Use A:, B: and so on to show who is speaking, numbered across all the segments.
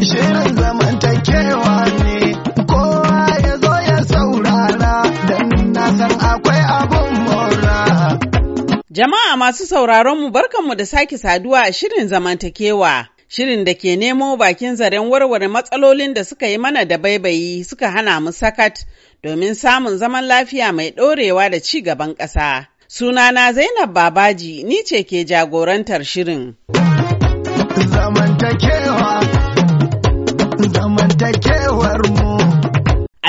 A: Shirin zamantakewa ne kowa ya saurara don Jama'a masu
B: sauraron mu barkanmu da sake saduwa a shirin zamantakewa. Shirin da ke nemo bakin zaren warware matsalolin da suka yi mana da baibayi suka hana mu sakat domin samun zaman lafiya mai ɗorewa da ci gaban ƙasa. Sunana Zainab Babaji ni ce ke jagorantar shirin.
A: Zamantakewa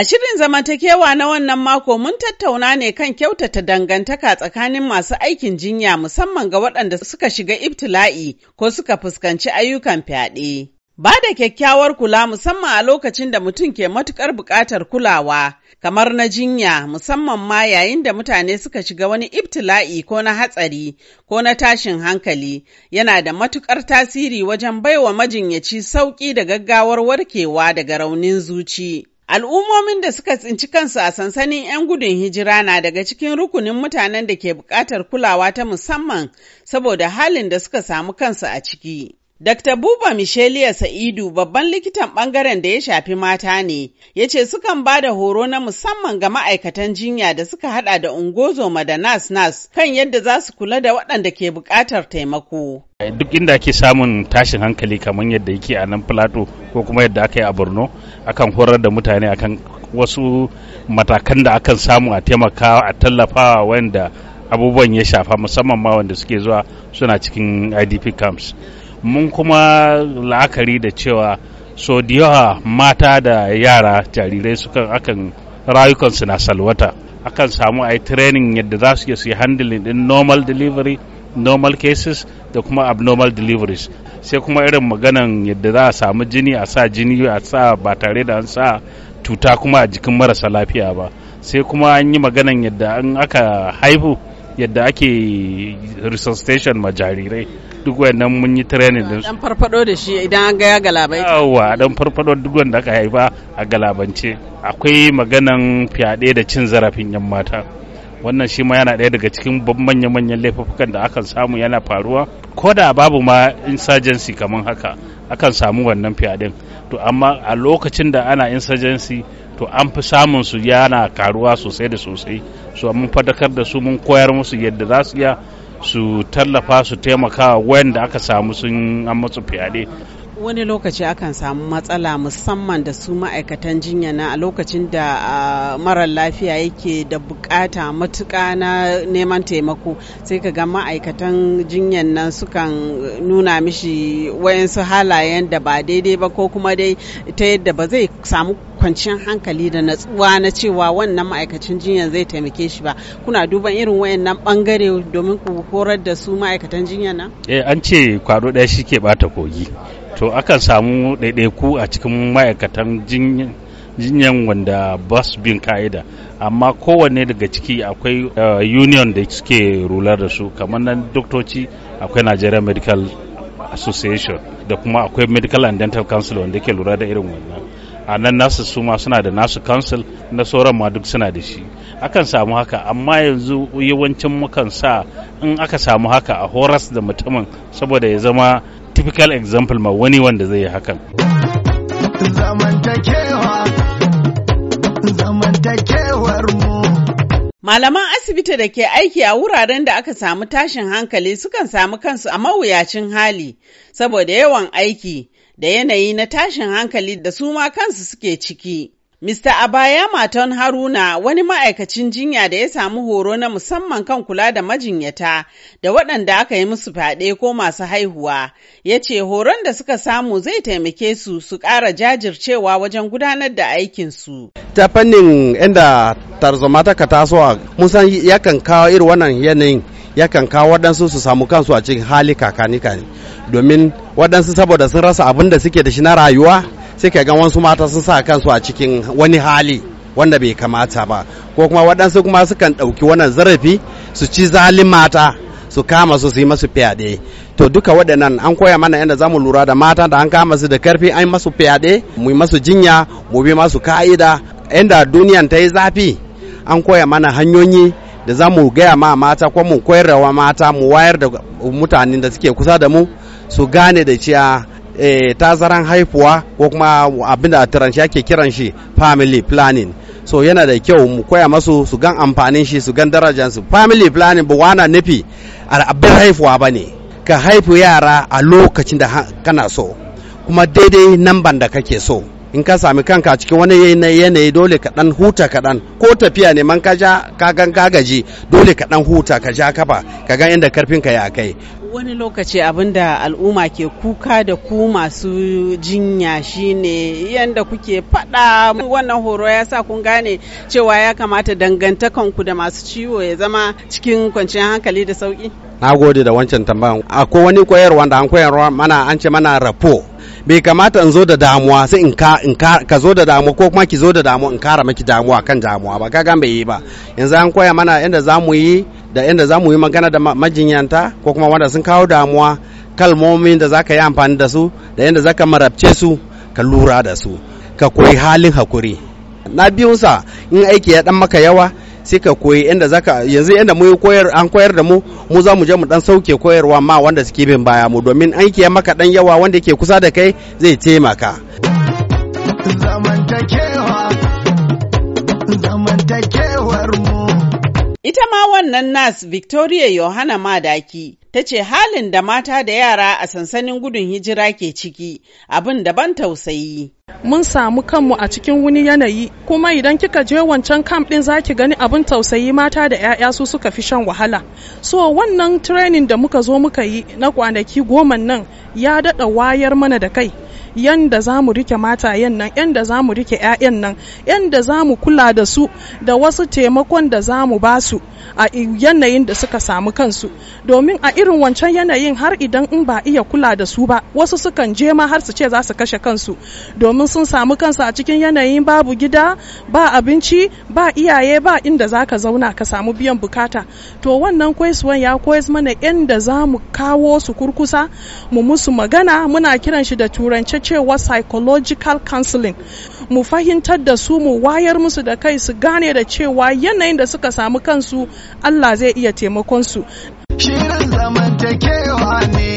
B: A shirin zamantakewa na wannan mako mun tattauna ne kan kyautata dangantaka tsakanin masu aikin jinya musamman ga waɗanda suka shiga ibtila'i ko suka fuskanci ayyukan fyaɗe. Ba da kyakkyawar kula musamman a lokacin da mutum ke matukar buƙatar kulawa, kamar na jinya musamman ma yayin da mutane suka shiga wani ibtila'i ko na hatsari ko na tashin hankali, yana da matukar tasiri wajen baiwa majinyaci sauƙi da gaggawar warkewa daga raunin zuci. Al'ummomin da suka tsinci kansu a sansanin 'yan gudun hijira na daga cikin rukunin mutanen da ke buƙatar kulawa ta musamman saboda halin da suka samu kansu a ciki. Dr. Buba Michelia Sa'idu babban likitan bangaren da ya shafi mata ne, ya ce sukan ba da horo na musamman ga ma'aikatan jinya da suka hada da ungozoma da nas-nas kan yadda za su kula da waɗanda ke buƙatar taimako.
C: Duk inda ake samun tashin hankali kamar yadda yake a nan Filato ko kuma yadda aka yi a Borno, akan horar da mutane akan wasu matakan da akan samu a taimaka a tallafawa wanda abubuwan ya shafa musamman ma wanda suke zuwa suna cikin IDP camps. mun kuma la'akari da cewa so da yawa mata da yara jarirai sukan akan rayukansu na salwata akan samu a yi training yadda za su yi handling din normal delivery normal cases da kuma abnormal deliveries sai kuma irin maganan yadda za a samu jini a sa jini a sa ba tare da an sa tuta kuma a jikin marasa lafiya ba sai kuma an yi maganan yadda an aka haihu yadda ake resuscitation ma jarirai duk wannan mun yi training din dan
B: farfado da shi idan an ga ya galabai
C: yawa dan farfado duk wanda aka haifa a galabance akwai maganan fyaɗe da cin zarafin yan mata wannan shi ma yana daya daga cikin manya-manyan laifukan da akan samu yana faruwa ko da babu ma insurgency kamar haka akan samu wannan fiyadin to amma a lokacin da ana insurgency to an fi samun su yana karuwa sosai da sosai so mun fadakar da su mun koyar musu yadda za su iya su tallafa su taimaka wanda aka samu sun an matsu fyaɗe
B: wani lokaci akan samu matsala musamman da su ma'aikatan jinya na a lokacin da marar lafiya yake da bukata matuka na neman taimako sai ka ga ma'aikatan jinyan nan sukan nuna mishi wayansu halayen da ba daidai ba ko kuma dai ta yadda ba zai samu kwanciyar hankali da natsuwa na cewa wannan ma'aikacin jinya zai taimake shi ba kuna duban irin wayannan bangare domin ku horar da su ma'aikatan jinya na
C: eh an ce kwado ɗaya shi ke bata kogi to akan samu ɗaiɗaiku a cikin ma'aikatan jinya jinyan wanda ba bin ka'ida amma kowanne daga ciki akwai eh, union da suke rular da su kamar nan doktoci akwai nigeria medical association da kuma akwai medical and dental council wanda ke lura da irin wannan a nan nasu su ma suna da nasu council na sauran ma duk suna da shi akan samu haka amma yanzu yawancin mukan sa in aka samu haka a horas da mutumin saboda ya zama typical example ma wani wanda zai yi hakan
B: Malaman asibiti da ke aiki a wuraren da aka samu tashin hankali sukan samu kansu a mawuyacin hali saboda yawan aiki da yanayi na tashin hankali da su ma kansu suke ciki. Mr. Abaya Maton Haruna wani ma'aikacin jinya da ya samu horo na musamman kan kula da majinyata da waɗanda aka yi musu fyaɗe ko masu haihuwa, ya ce horon da suka samu zai taimake su su ƙara jajircewa wajen gudanar da aikinsu.
D: Ta fannin inda tarzoma ta ka a musan yakan kawo irin wannan yanayin yakan kawo waɗansu su samu kansu a cikin hali kakanika ne domin waɗansu saboda sun rasa abin da suke da shi na rayuwa sai ka ga wasu mata sun sa kansu a cikin wani hali wanda bai kamata ba ko kuma waɗansu kuma sukan ɗauki wannan zarafi su ci zalin mata su kama su su yi masu fyaɗe to duka waɗannan an koya mana yadda za mu lura da mata da an kama su da karfi an masu fyaɗe mu yi masu jinya mu bi masu ka'ida yadda duniyan ta yi zafi an koya mana hanyoyi da za mu gaya ma mata ko mu koyar koyarwa mata mu wayar da mutanen da suke kusa da mu su gane da cewa e, tazaran haifuwa ko kuma abinda a turanci ake kiran shi family planning so yana da kyau mu koya masu su gan amfanin shi su gan darajar su family planning ba wana nufi abin haifuwa ba ne ka haifu yara a lokacin da kana so kuma daidai nan da kake so in ka sami kanka cikin wani yanayi dole ka dan huta ka dan ko tafiya ne man ka ja ka gan gagaji dole ka dan huta ka ja kafa ka ga inda karfin ka ya kai
B: wani lokaci abin da al'umma ke kuka da ku masu jinya shine yadda kuke faɗa wannan horo ya sa kun gane cewa ya kamata dangantakanku da masu ciwo ya zama cikin kwanciyar hankali da sauki
D: na gode da wancan tambayan Ko wani koyarwa da an koyarwa mana an ce mana rapo bai kamata in zo da damuwa sai in ka in ka ka zo da damuwa ko kuma ki zo da damuwa in kara miki damuwa kan damuwa ba kaga bai yi ba yanzu an koya mana yadda za mu yi da inda za mu yi magana da majinyanta ko kuma wanda sun kawo damuwa kalmomin da za ka yi amfani da su da yadda za ka marabce su ka lura da su ka koyi halin hakuri na biyunsa in aiki ya dan maka yawa sai ka koyi inda ka yanzu inda mu koyar an koyar da mu mu za mu je mu dan sauke koyarwa ma wanda suke bin baya mu domin aiki ya maka dan yawa wanda yake kusa da kai zai taimaka
A: zamantakewa zamantakewa
B: Ita ma wannan nas Victoria Yohana Madaki ta ce halin da mata da yara a sansanin gudun hijira ke ciki abin daban
A: tausayi. Mun samu kanmu a cikin wani yanayi kuma idan kika je wancan camp din zaki gani abin tausayi mata da 'ya'ya su suka fi shan wahala. So wannan training da muka zo muka yi na kwanaki goma nan ya daɗa wayar mana da kai. yanda za mu rike matayen nan yanda za mu rike 'ya'yan nan yanda za mu kula da su da wasu taimakon da za mu ba su a yanayin da suka samu kansu domin a irin wancan yanayin har idan in ba iya kula da su ba wasu sukan je ma har su ce za su kashe kansu domin sun samu kansu a cikin yanayin babu gida ba abinci ba iyaye ba inda za ka zauna ka samu biyan bukata to wannan kwaisuwan ya koyas mana yanda za mu kawo su kurkusa mu musu magana muna kiran shi da turance cewa psychological counseling mu fahimtar da su mu wayar musu da kai su gane da cewa yanayin da suka samu kansu Allah zai iya taimakon su shirin ne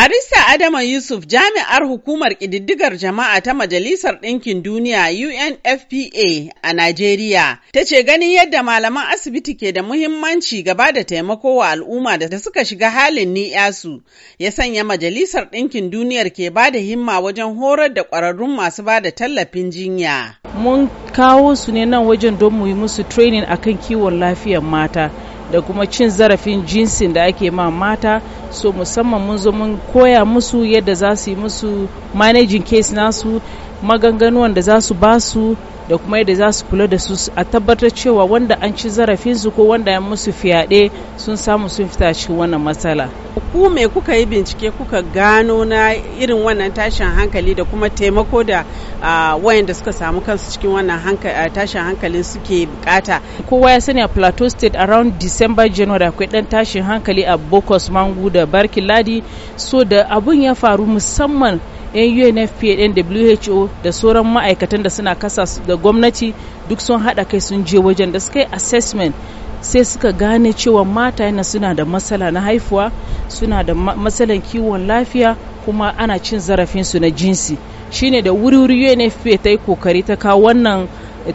B: Barista Adama Yusuf jami'ar hukumar ƙididdigar jama'a ta Majalisar Ɗinkin Duniya UNFPA a Najeriya ta ce ganin yadda malaman asibiti ke da muhimmanci gaba da taimako wa al'umma da suka shiga halin ni'yasu ya sanya Majalisar Ɗinkin Duniyar ke ba da himma wajen horar da ƙwararrun masu ba da tallafin jinya.
A: Mun kawo su ne nan wajen don mu yi musu training akan kiwon lafiyar mata. da kuma cin zarafin jinsin da ake ma mata so musamman mun zo mun koya musu yadda za su yi musu managing case nasu maganganuwan da za su ba su da kuma yadda za su kula da su a tabbatar cewa wanda an ci zarafinsu ko wanda ya musu fyaɗe sun samu sun fita cikin wannan matsala.
B: ku me kuka yi bincike kuka gano na irin wannan tashin hankali da kuma taimako da wayanda suka samu kansu cikin wannan tashin
A: hankalin suke bukata kowa ya sani a plateau state around december january akwai dan tashin hankali a bokos mangu da barkin ladi so da abun ya faru musamman yan unfpa ɗin who da sauran ma'aikatan da suna kasa da gwamnati duk sun haɗa kai sun je wajen da suka yi assessment sai suka gane cewa mata yana suna da matsala na haifuwa suna da matsalan kiwon lafiya kuma ana cin zarafinsu na jinsi shine da wuri-wuri unfpa ta yi kokari ta kawo wannan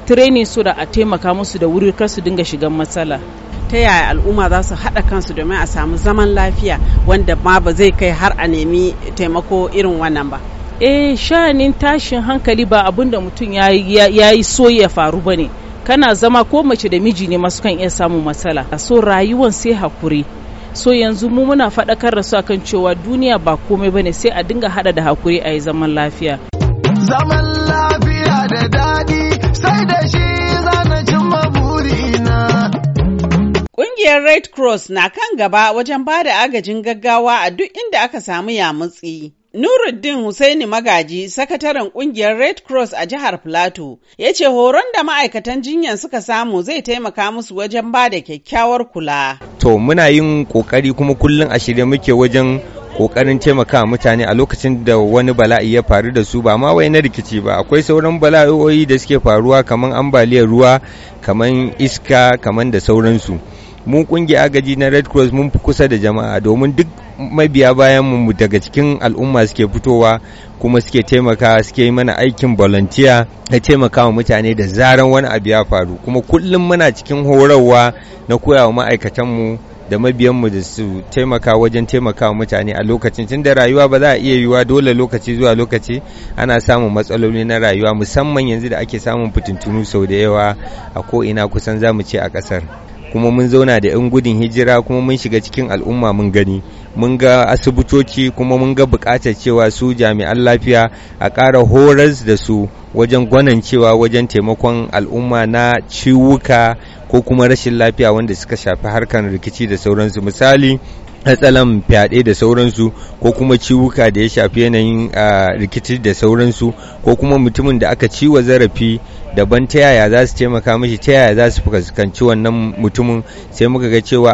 A: training so da a taimaka musu da wuri kar su dinga shigan matsala
B: ta yaya al'umma za su haɗa kansu domin a samu zaman lafiya wanda ma ba zai kai har a nemi taimako irin wannan ba
A: eh shanin tashin hankali ba abun da mutum ya yi so ya faru ba ne kana zama ko mace da miji ne masu kan iya samun matsala so rayuwan sai hakuri so yanzu mu muna faɗakar da su akan cewa duniya ba komai ba ne sai a dinga haɗa da hakuri a yi zaman lafiya zaman lafiya da daɗi sai da shi Ƙungiyar Red Cross na
B: kan gaba wajen ba da agajin gaggawa a duk inda aka samu yamutsi. Nuruddin Hussaini Magaji, sakataren ƙungiyar Red Cross a jihar Plateau, ya ce horon da ma'aikatan jinyar suka samu zai taimaka musu wajen ba da kyakkyawar kula.
E: To muna yin kokari kuma kullum a shirye muke wajen kokarin taimaka mutane a lokacin da wani bala'i ya faru da su ba ma wai na rikici ba akwai sauran bala'o'i da suke faruwa kamar ambaliyar ruwa kamar iska kamar da sauransu. mun kungiya agaji na red cross mun fi kusa da jama'a domin duk mabiya bayan mu daga cikin al'umma suke fitowa kuma suke taimaka suke yi mana aikin volunteer na taimakawa mutane da zaran wani abu ya faru kuma kullum muna cikin horarwa na koya koyawa ma'aikatanmu da mabiyanmu da su taimaka wajen taimakawa mutane a lokacin tunda rayuwa ba za a iya yiwa dole lokaci zuwa lokaci ana samun matsaloli na rayuwa musamman yanzu da ake samun fitintunu sau da yawa a ko ina kusan za mu ce a kasar. kuma mun zauna da 'yan gudun hijira kuma mun shiga cikin al'umma mun gani mun ga asibitoci kuma mun ga bukatar cewa su jami'an lafiya a ƙara horas da su wajen gwanan cewa wajen taimakon al'umma na ciwuka ko kuma rashin lafiya wanda suka shafi harkar rikici da sauransu misali matsalan fyaɗe da sauransu ko kuma ciwuka da ya shafi yanayin rikici da sauransu ko kuma mutumin da aka ciwa zarafi daban ta yaya za su taimaka mashi ta yaya za su fuskanci wannan mutumin sai muka ga cewa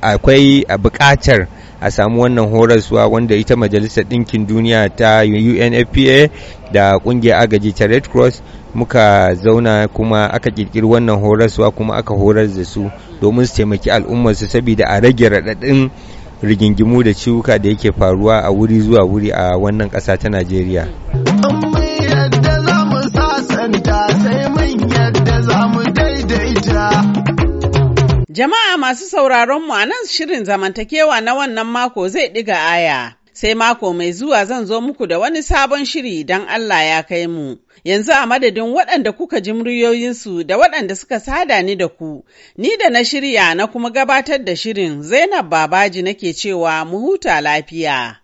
E: akwai buƙatar a samu wannan horaswa wanda ita majalisar ɗinkin duniya ta unfpa da ƙungiyar agaji ta red cross muka zauna kuma aka kirkiri wannan horaswa kuma aka horar da su domin su taimaki al'ummarsu saboda a rage raɗaɗin rigingimu da ciwuka da yake faruwa a wuri zuwa wuri a wannan ƙasa ta najeriya
B: Jama'a masu sauraron mu a nan shirin zamantakewa na wannan mako zai ɗiga aya. sai mako mai zuwa zan zo muku da wani sabon shiri don Allah ya kai mu. Yanzu a madadin waɗanda kuka ji muryoyinsu da waɗanda suka sada ni da ku, ni da na shirya na kuma gabatar da shirin Zainab Babaji nake cewa mu huta lafiya.